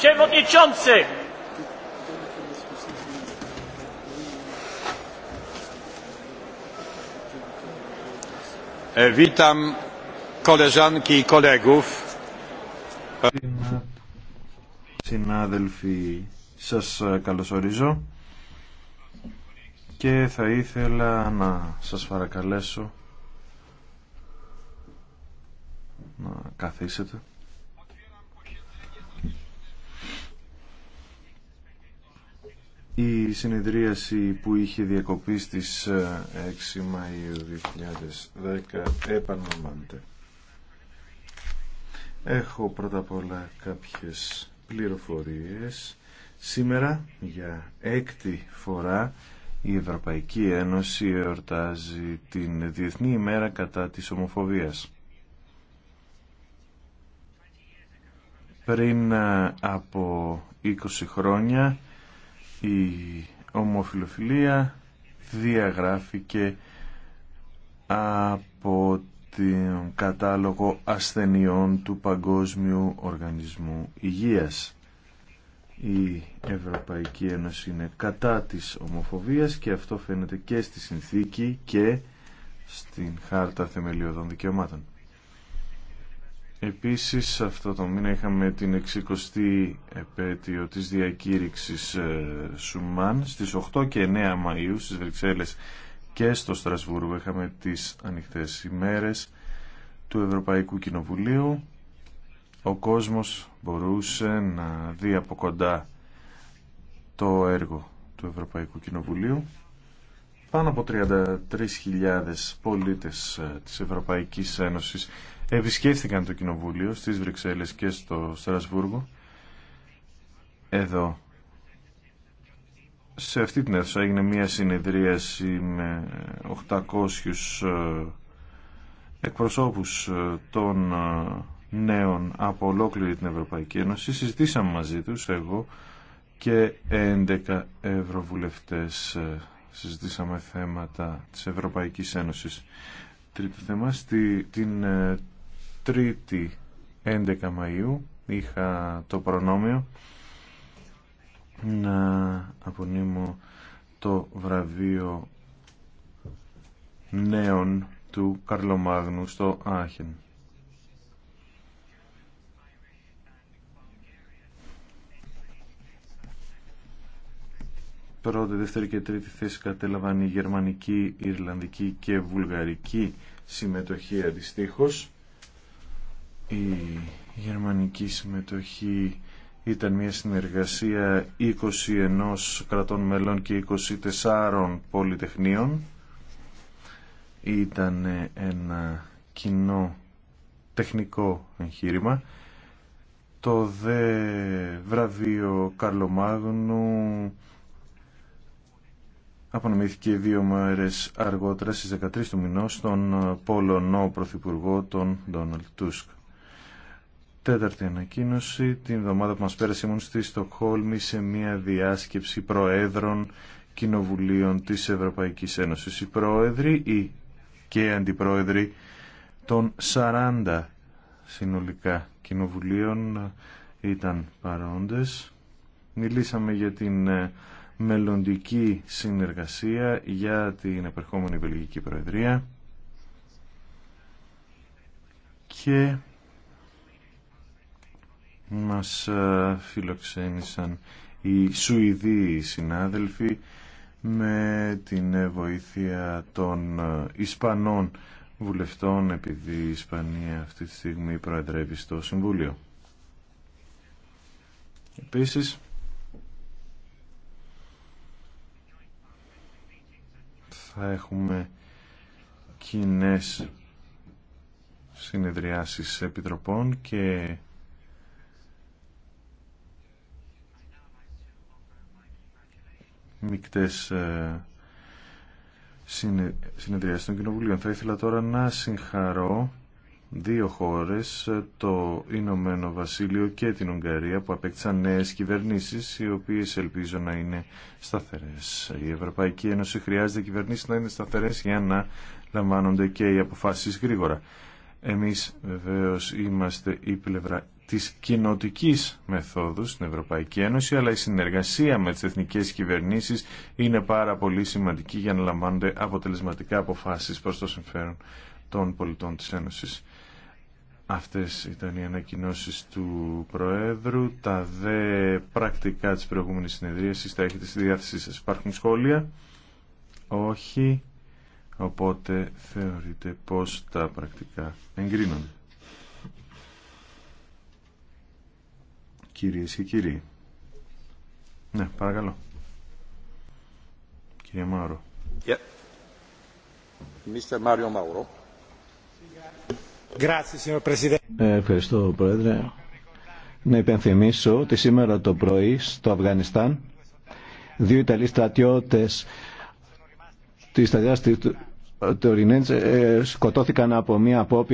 Przewodniczący! E, witam koleżanki i kolegów. Συνάδελφοι, σας ε, καλωσορίζω και θα ήθελα να σας παρακαλέσω να καθίσετε. η συνεδρίαση που είχε διακοπεί στις 6 ε, Μαΐου 2010 επαναλαμβάνεται. Έχω πρώτα απ' όλα κάποιες πληροφορίες. Σήμερα για έκτη φορά η Ευρωπαϊκή Ένωση εορτάζει την Διεθνή ημέρα κατά της ομοφοβίας. Πριν ε, από 20 χρόνια η ομοφιλοφιλία διαγράφηκε από τον κατάλογο ασθενειών του Παγκόσμιου Οργανισμού Υγείας. Η Ευρωπαϊκή Ένωση είναι κατά της ομοφοβίας και αυτό φαίνεται και στη συνθήκη και στην Χάρτα Θεμελιωδών Δικαιωμάτων. Επίσης αυτό το μήνα είχαμε την 60η επέτειο της διακήρυξης ε, Σουμάν στις 8 και 9 Μαΐου στις Βρυξέλλες και στο Στρασβούργο είχαμε τις ανοιχτές ημέρες του Ευρωπαϊκού Κοινοβουλίου ο κόσμος μπορούσε να δει από κοντά το έργο του Ευρωπαϊκού Κοινοβουλίου πάνω από 33.000 πολίτες ε, της Ευρωπαϊκής Ένωσης επισκέφθηκαν το Κοινοβούλιο στις Βρυξέλλες και στο Στρασβούργο. Εδώ, σε αυτή την αίθουσα έγινε μια συνεδρίαση με 800 ε, εκπροσώπους ε, των νέων από ολόκληρη την Ευρωπαϊκή Ένωση. Συζητήσαμε μαζί τους εγώ και 11 ευρωβουλευτές συζητήσαμε θέματα της Ευρωπαϊκής Ένωσης. Τρίτο θέμα, στη, την 3η ε, 11 Μαΐου είχα το προνόμιο να απονείμω το βραβείο νέων του Καρλομάγνου στο Άχεν. πρώτη, δεύτερη και τρίτη θέση κατέλαβαν η γερμανική, η ιρλανδική και βουλγαρική συμμετοχή αντιστοίχω. Η γερμανική συμμετοχή ήταν μια συνεργασία 21 κρατών μελών και 24 πολυτεχνείων. Ήταν ένα κοινό τεχνικό εγχείρημα. Το δε βραβείο Καρλομάγνου απονομήθηκε δύο μέρες αργότερα στις 13 του μηνός στον ε, Πολωνό Πρωθυπουργό τον Ντόναλτ Τούσκ. Τέταρτη ανακοίνωση, την εβδομάδα που μας πέρασε ήμουν στη Στοκχόλμη σε μια διάσκεψη προέδρων κοινοβουλίων της Ευρωπαϊκής Ένωσης. Οι πρόεδροι ή και αντιπρόεδροι των 40 συνολικά κοινοβουλίων ε, ήταν παρόντες. Μιλήσαμε για την ε, μελλοντική συνεργασία για την επερχόμενη Βελγική Προεδρία και μας ε, φιλοξένησαν οι Σουηδοί συνάδελφοι με την βοήθεια των ε, Ισπανών βουλευτών επειδή η Ισπανία αυτή τη στιγμή προεδρεύει στο Συμβούλιο. Επίσης, θα έχουμε κοινέ συνεδριάσεις επιτροπών και μικτές ε, συνεδριάσεις των κοινοβουλίων. Θα ήθελα τώρα να συγχαρώ δύο χώρες, το Ηνωμένο Βασίλειο και την Ουγγαρία, που απέκτησαν νέες κυβερνήσεις, οι οποίες ελπίζω να είναι σταθερές. Η Ευρωπαϊκή Ένωση χρειάζεται κυβερνήσεις να είναι σταθερές για να λαμβάνονται και οι αποφάσεις γρήγορα. Εμείς βεβαίως είμαστε η πλευρά της κοινοτική μεθόδου στην Ευρωπαϊκή Ένωση, αλλά η συνεργασία με τις εθνικές κυβερνήσεις είναι πάρα πολύ σημαντική για να λαμβάνονται αποτελεσματικά αποφάσεις προς το συμφέρον των πολιτών της Ένωσης. Αυτές ήταν οι ανακοινώσεις του Προέδρου. Τα δε πρακτικά της προηγούμενης συνεδρίασης τα έχετε στη διάθεσή σας. Υπάρχουν σχόλια. Όχι. Οπότε θεωρείτε πως τα πρακτικά εγκρίνονται. Κυρίες και κύριοι. Ναι, παρακαλώ. Κύριε Μάουρο. Yeah. Mr. Mario Mauro. Ε, ευχαριστώ, Πρόεδρε. Να υπενθυμίσω ότι σήμερα το πρωί στο Αφγανιστάν δύο Ιταλοί στρατιώτε τη στρατιά τη Τωρινέντζ ε, σκοτώθηκαν από μια απόπειρα